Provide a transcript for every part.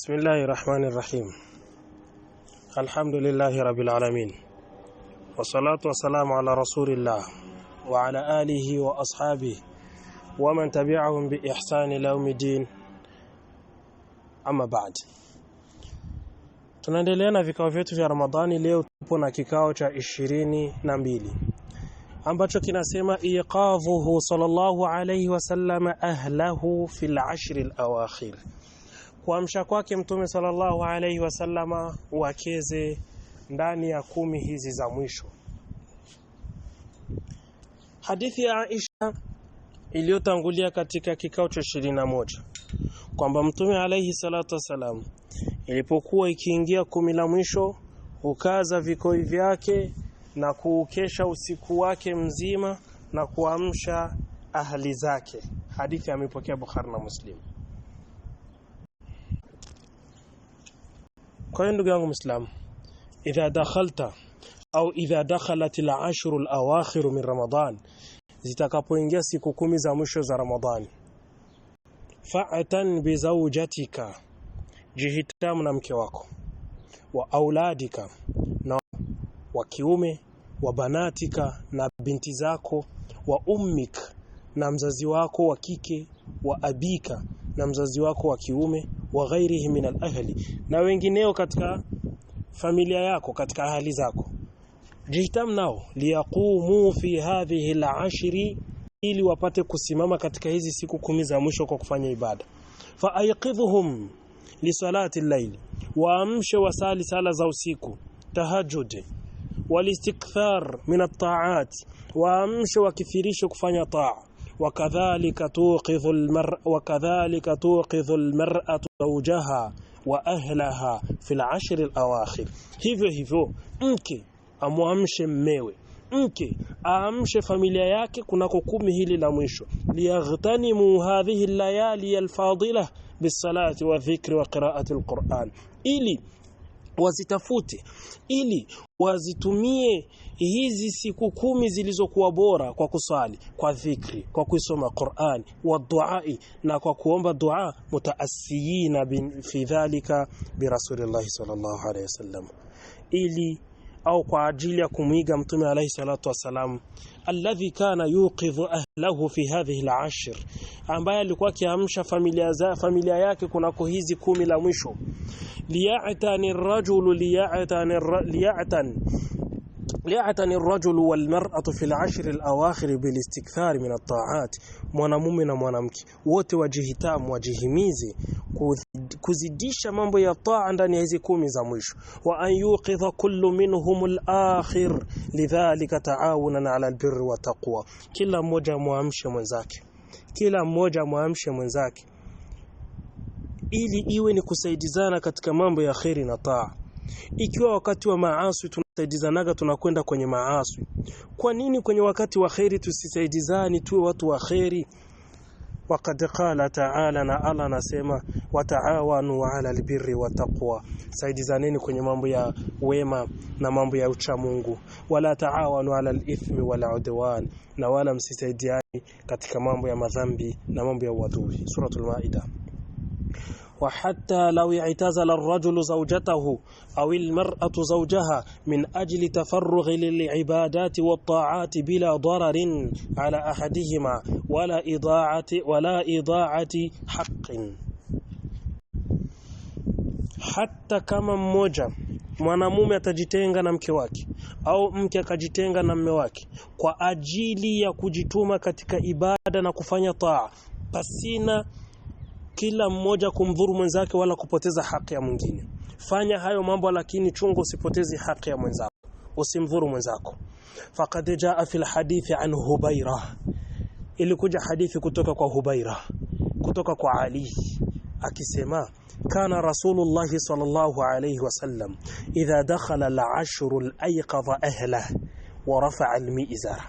بسم الله الرحمن الرحيم الحمد لله رب العالمين والصلاة والسلام على رسول الله وعلى آله وأصحابه ومن تبعهم بإحسان لوم الدين أما بعد tunaendelea na vikao vyetu vya Ramadhani leo tupo na kikao cha ishirini na mbili ambacho kinasema iqavuhu sallallahu alayhi wasallam ahlahu fil ashri al-awakhir kuamsha kwake Mtume sallallahu alaihi wasallama wakeze ndani ya kumi hizi za mwisho. Hadithi ya Aisha iliyotangulia katika kikao cha ishirini na moja kwamba Mtume alaihi salatu wassalam ilipokuwa ikiingia kumi la mwisho hukaza vikoi vyake na kuukesha usiku wake mzima na kuamsha ahli zake. Hadithi amepokea Bukhari na Muslim. Kwa hiyo ndugu yangu Muislamu, idha dakhalta au idha dakhalat al-ashru al-awakhir min Ramadan, zitakapoingia siku kumi za mwisho za Ramadhani, fa'atan bi zawjatika, jihitamu na mke wako wa auladika na wa kiume wa banatika na binti zako wa ummik na mzazi wako wa kike wa abika na mzazi wako wa kiume wa ghairihi min al na wengineo katika familia yako katika ahali zako jitam nao liyaqumu fi hadhihi al ili wapate kusimama katika hizi siku kumi za mwisho kwa kufanya ibada fa ayqidhuhum li salati al-layl waamshe wasali sala za usiku tahajjud walistikthar min at-ta'at waamshe wakifirishe kufanya taa وكذلك توقظ المرء وكذلك توقظ المرأة زوجها وأهلها في العشر الأواخر هيفو هيفو مكي أموامش ميوي مكي أمش فاميليا ياكي كنا كوكوم هيلي لامويشو ليغتنموا هذه الليالي الفاضلة بالصلاة والذكر وقراءة القرآن إلي wazitafute ili wazitumie hizi siku kumi zilizokuwa bora kwa kusali, kwa dhikri, kwa kuisoma Qur'ani wa duai na kwa kuomba dua mutaasiyina fi dhalika bi Rasulillahi sallallahu alayhi wasallam ili au kwa ajili ya kumwiga mtume alayhi salatu wasalam, alladhi kana yuqidhu ahlahu fi hadhihi al-ashr, ambaye alikuwa akiamsha familia za familia yake kunako hizi kumi la mwisho. liya'tani ar-rajulu liya'tani liya'tan liatani rajulu walmaratu fi lashri lawakhiri bilistikthari min ataati, mwanamume na mwanamke wote wajihitamu, wajihimize kuzidisha mambo ya taa ndani ya hizi kumi za mwisho. Wa an yuqidha kullu minhum alakhir lidhalika taawunan ala albirri wa taqwa, kila mmoja mwamshe mwenzake, kila mmoja mwamshe mwenzake ili iwe ni kusaidizana katika mambo ya kheri na taa. Ikiwa wakati wa maasi tukisaidizanaga tunakwenda kwenye maasi. Kwa nini kwenye wakati wa kheri tusisaidizani, tuwe watu wa kheri? Waqad qala ta'ala, na Allah anasema wataawanu ala albirri wattaqwa, saidizaneni kwenye mambo ya wema na mambo ya ucha Mungu. Wala taawanu ala alithmi wal udwan, na wala msisaidiani katika mambo ya madhambi na mambo ya uadui. Suratul Maida. وحتى لو اعتزل الرجل زوجته أو المرأة زوجها من أجل تفرغ للعبادات والطاعات بلا ضرر على أحدهما ولا إضاعة ولا إضاعة حق hata kama mmoja mwanamume atajitenga na mke wake au mke akajitenga na mme wake kwa ajili ya kujituma katika ibada na kufanya taa pasina kila mmoja kumdhuru mwenzake wala kupoteza haki ya mwingine. Fanya hayo mambo, lakini chunga usipoteze haki ya mwenzako, usimdhuru mwenzako. Faqad jaa fil hadithi an Hubaira, ilikuja hadithi kutoka kwa Hubaira kutoka kwa Ali akisema kana Rasulullahi sallallahu alayhi wasallam idha dakhala al-ashru al-ayqadha ahlah wa rafa'a al-mi'zara,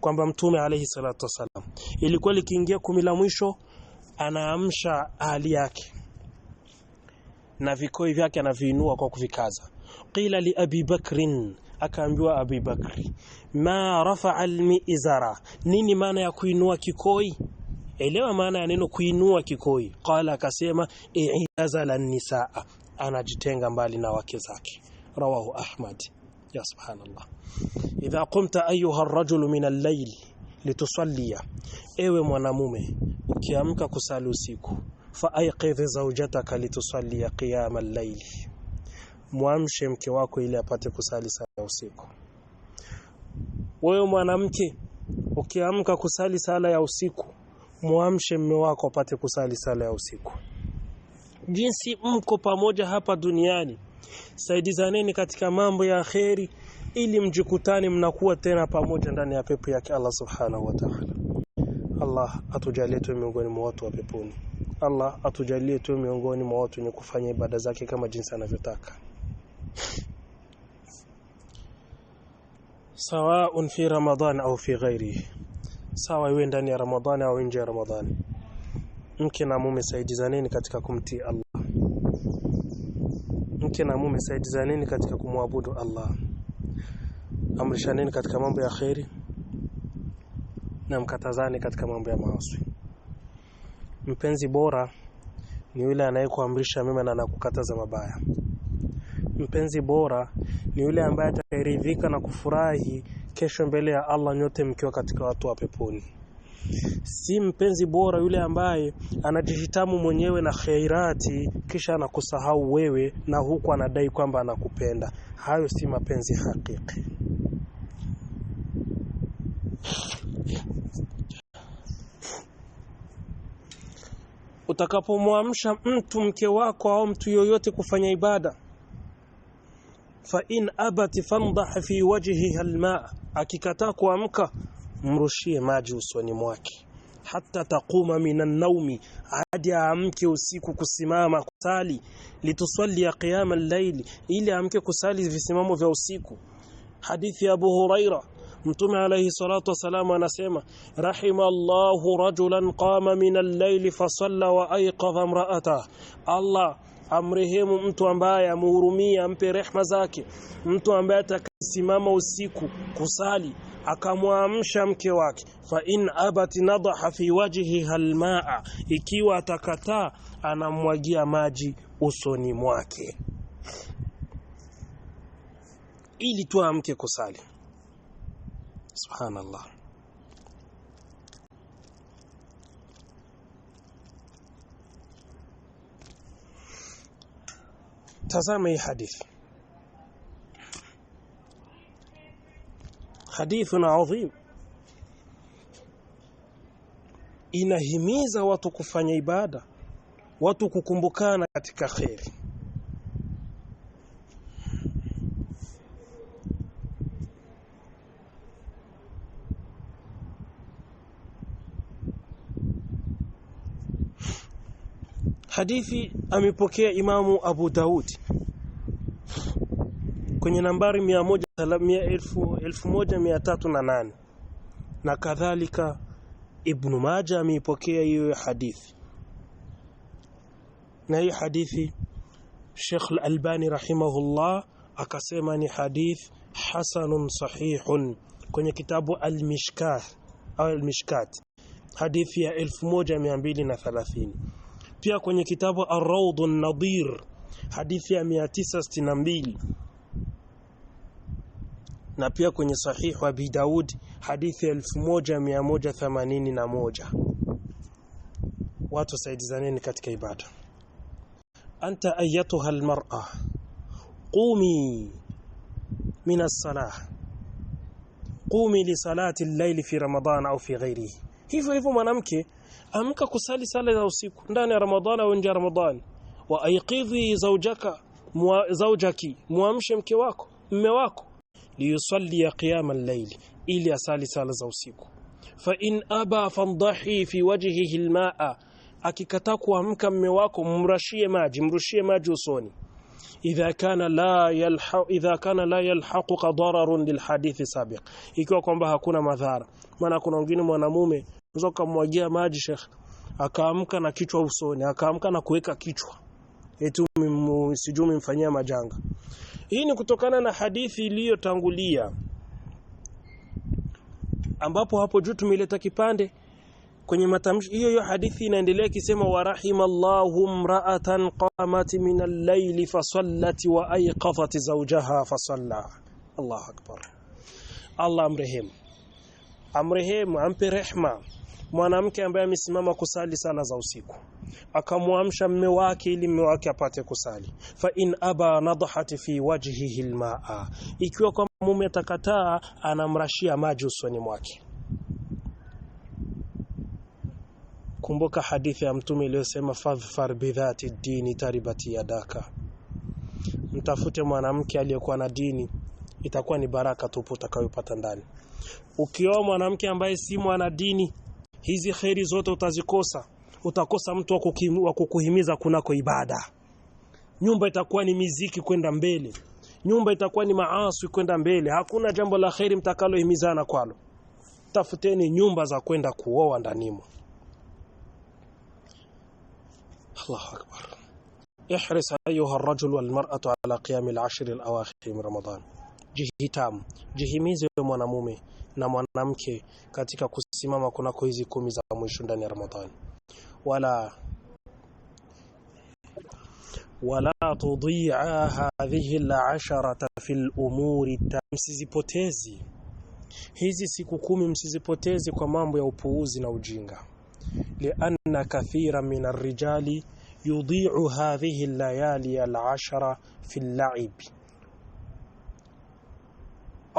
kwamba mtume alayhi salatu wasallam ilikuwa likiingia kumi la mwisho anaamsha hali yake na vikoi vyake anaviinua kwa kuvikaza qila li abi bakrin akaambiwa abi bakri ma rafa'a almizara nini maana ya kuinua kikoi elewa maana ya neno kuinua kikoi qala akasema i'tazala nisaa anajitenga mbali na wake zake rawahu ahmad ya subhanallah idha qumta ayuha ar-rajulu min al-layl litusalliya, ewe mwanamume ukiamka kusali usiku fa aiqidh zawjataka litusalli qiyama al-layli, muamshe mke wako ili apate kusali sala usiku. Wewe mwanamke ukiamka kusali sala ya usiku, muamshe mme wako apate kusali sala ya usiku. Jinsi mko pamoja hapa duniani, saidizaneni katika mambo ya kheri, ili mjikutane mnakuwa tena pamoja ndani ya pepo yake Allah subhanahu wa ta'ala. Allah atujalie tu miongoni mwa watu wa peponi. Allah atujalie tu miongoni mwa watu wenye kufanya ibada zake kama jinsi anavyotaka. Sawaun fi Ramadan au fi ghairi. Sawa iwe ndani ya Ramadhani au nje ya Ramadhani. Mke na mume saidizaneni katika kumtii Allah. Mke na mume saidizaneni katika kumwabudu Allah. Amrishaneni katika mambo ya khairi na mkatazane katika mambo ya maasi. Mpenzi bora ni yule anayekuamrisha mema na anakukataza mabaya. Mpenzi bora ni yule ambaye atakayeridhika na kufurahi kesho mbele ya Allah, nyote mkiwa katika watu wa peponi. Si mpenzi bora yule ambaye anajihitamu mwenyewe na khairati kisha anakusahau wewe na huku anadai kwamba anakupenda. Hayo si mapenzi hakiki utakapomwamsha mtu mke wako au mtu yoyote kufanya ibada fa in abati famdah fi wajhiha almaa akikataa kuamka mrushie maji usoni mwake hata taquma minan naumi hadi amke usiku kusimama kusali litusali qiyama al-layl ili amke kusali visimamo vya usiku hadithi ya Abu Huraira Mtume alayhi salatu wasalam anasema rahimallahu rajulan qama min al-layli fasalla wa ayqadha imra'ata. Allah amrehemu mtu ambaye amehurumia ampe rehma zake mtu ambaye atakasimama usiku kusali akamwamsha mke wake fa in abat nadaha fi wajhiha almaa ikiwa atakataa anamwagia maji usoni mwake ili tuamke kusali Subhanallah. Tazama hii hadithi. Hadithun adhim. Inahimiza watu kufanya ibada, watu kukumbukana katika kheri. Hadithi amepokea Imamu Abu Daud kwenye nambari 1308 na kadhalika Ibn Majah ameipokea hiyo hadithi na hii hadithi Sheikh Al-Albani rahimahullah akasema ni hadith hasanun sahihun kwenye kitabu Al-Mishkat au Al-Mishkat hadithi ya 1230 pia kwenye kitabu Ar-Rawd an-Nadir hadithi ya 962 na pia kwenye sahih wa Abi Daud hadithi ya 1181 watu saidizaneni katika ibada anta ayatuha almar'a qumi min as-salah qumi li salati al-layl fi ramadan au fi ghayrihi. hivyo hivyo mwanamke amka kusali sala za usiku ndani ya Ramadhani au nje ya Ramadhani wa aiqidhi zawjaka mwa, zawjaki muamshe mke wako mme wako liyusalli qiyama al-layl ili asali sala za usiku fa in aba fandahi fi wajhihi al-ma'a akikataa kuamka mme wako mrashie maji mrushie maji usoni idha kana la yalhaq idha kana la yalhaquka dararun lilhadithi sabiq ikiwa kwamba hakuna madhara maana kuna wengine mwanamume Unaweza ukamwagia maji Sheikh, akaamka na kichwa usoni, akaamka na kuweka kichwa eti sijui umemfanyia majanga. Hii ni kutokana na hadithi iliyotangulia ambapo hapo juu tumeleta kipande kwenye matamshi hiyo hiyo. Hadithi inaendelea ikisema, wa rahimallahu mra'atan qamat min al-layli sallat wa ayqafat zawjaha fa salla. Allahu akbar. Allah amrehemu, amrehemu, ampe rehma mwanamke ambaye amesimama kusali sala za usiku akamwamsha mme wake ili mme wake apate kusali fa in aba nadhahati fi wajhihi almaa ikiwa kwa mume atakataa anamrashia maji usoni mwake kumbuka hadithi ya mtume iliyosema fadhfar bidhati dini taribati yadaka mtafute mwanamke aliyekuwa na dini itakuwa ni baraka tupu utakayopata ndani ukioa mwanamke ambaye si mwana dini hizi kheri zote utazikosa utakosa mtu wa kukuhimiza kunako ibada nyumba itakuwa ni miziki kwenda mbele nyumba itakuwa ni maasi kwenda mbele hakuna jambo la kheri mtakalohimizana kwalo tafuteni nyumba za kwenda kuoa ndanimo Allahu akbar ihris ayuha rajul wal mar'atu ala qiyam al-ashr al-awakhir min ramadan Jihitamu, jihimize mwanamume na mwanamke katika kusimama kunako hizi kumi za mwisho ndani ya Ramadhani. Wala wala tudhi'a hadhihi al fi fil msizipotezi hizi siku kumi, msizipotezi kwa mambo ya upuuzi na ujinga. Lianna kathira min ar-rijali yudhi'u hadhihi al-layali al-ashara llaibi la'ib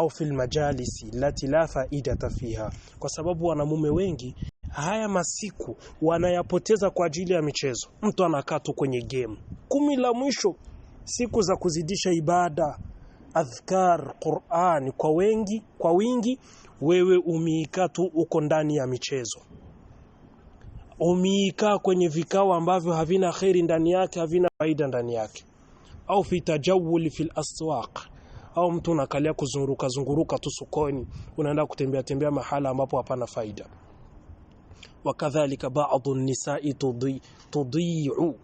au fil majalisi lati la faidata fiha, kwa sababu wanamume wengi haya masiku wanayapoteza kwa ajili ya michezo. Mtu anakaa tu kwenye game. Kumi la mwisho, siku za kuzidisha ibada, adhkar, Qur'an kwa wengi, kwa wingi. Wewe umiika tu uko ndani ya michezo, umiika kwenye vikao ambavyo havina kheri ndani yake, havina faida ndani yake, au fi fil aswaq au mtu unakalia kuzunguruka zunguruka tu sokoni, unaenda kutembea tembea mahala ambapo hapana faida. Wakadhalika baadhi nisai tudhi'u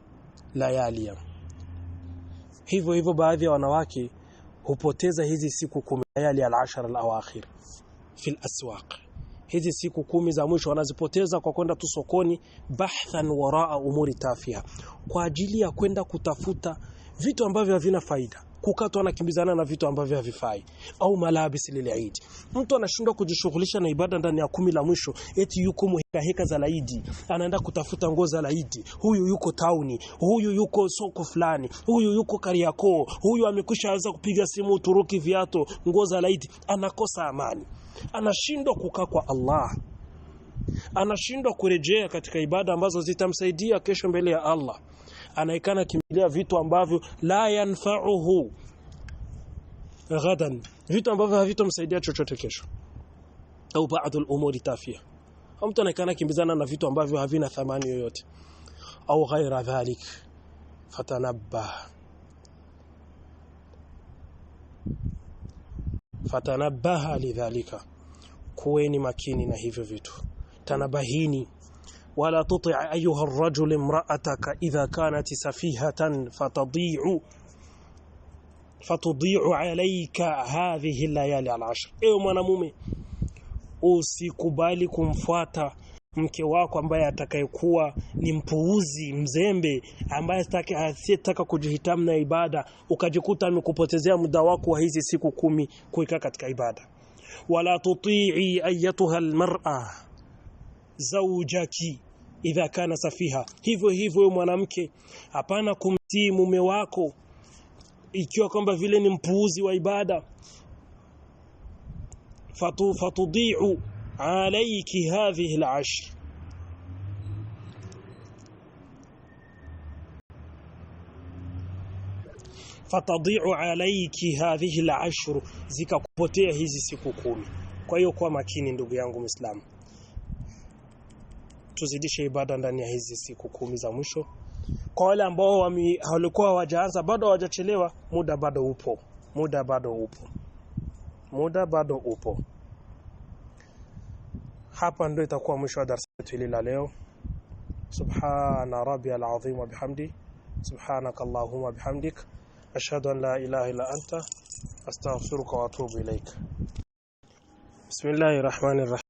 layalia, hivyo hivyo baadhi ya wanawake hupoteza hizi siku kumi layali al-ashar al-awakhir fil aswaq hizi siku kumi za mwisho wanazipoteza kwa kwenda tu sokoni, bahthan waraa umuri tafia, kwa ajili ya kwenda kutafuta vitu ambavyo havina faida kukatwa anakimbizana na vitu ambavyo havifai, au malabis lilaidi, mtu anashindwa kujishughulisha na ibada ndani ya kumi la mwisho, eti yuko muheka heka za laidi, anaenda kutafuta nguo za laidi. Huyu yuko tauni, huyu yuko soko fulani, huyu yuko Kariakoo, huyu amekwisha anza kupiga simu Uturuki, viato, nguo za laidi, anakosa amani, anashindwa kukaa kwa Allah, anashindwa kurejea katika ibada ambazo zitamsaidia kesho mbele ya Allah anaikana kimbilia vitu ambavyo la yanfa'uhu ghadan vitu ambavyo havitomsaidia chochote kesho au baadhi al-umuri tafia mtu anaikana kimbizana na vitu ambavyo havina thamani yoyote au ghaira dhalik fatanabba fatanabbaha lidhalika kuweni makini na hivyo vitu tanabahini ولا تطع أيها الرجل امرأتك إذا كانت سفيهة فتضيع فتضيع عليك هذه الليالي العشر ewe mwanamume usikubali kumfuata mke wako ambaye atakayekuwa ni mpuuzi mzembe ambaye asiyetaka kujihitamu na ibada ukajikuta amekupotezea muda wako wa hizi siku kumi kuikaa katika ibada wala tutii ayatuha almar'a zawjaki idha kana safiha. Hivyo hivyo mwanamke, hapana kumtii mume wako ikiwa kwamba vile ni mpuuzi wa ibada. Fatu, fatudiu alayki hadhihi al'ashr fatadiu alayki hadhihi al'ashr zikakupotea hizi siku kumi kwa hiyo kwa makini ndugu yangu muislamu tuzidishe ibada ndani ya hizi siku kumi za mwisho. Kwa wale ambao walikuwa hawajaanza bado hawajachelewa, muda bado upo, muda bado upo, muda bado upo. Hapa ndio itakuwa mwisho wa darasa letu hili la leo. Subhana rabbiyal azim wa bihamdi subhanaka allahumma bihamdik ashhadu an la ilaha illa anta astaghfiruka wa atubu ilaik. Bismillahir rahmanir rahim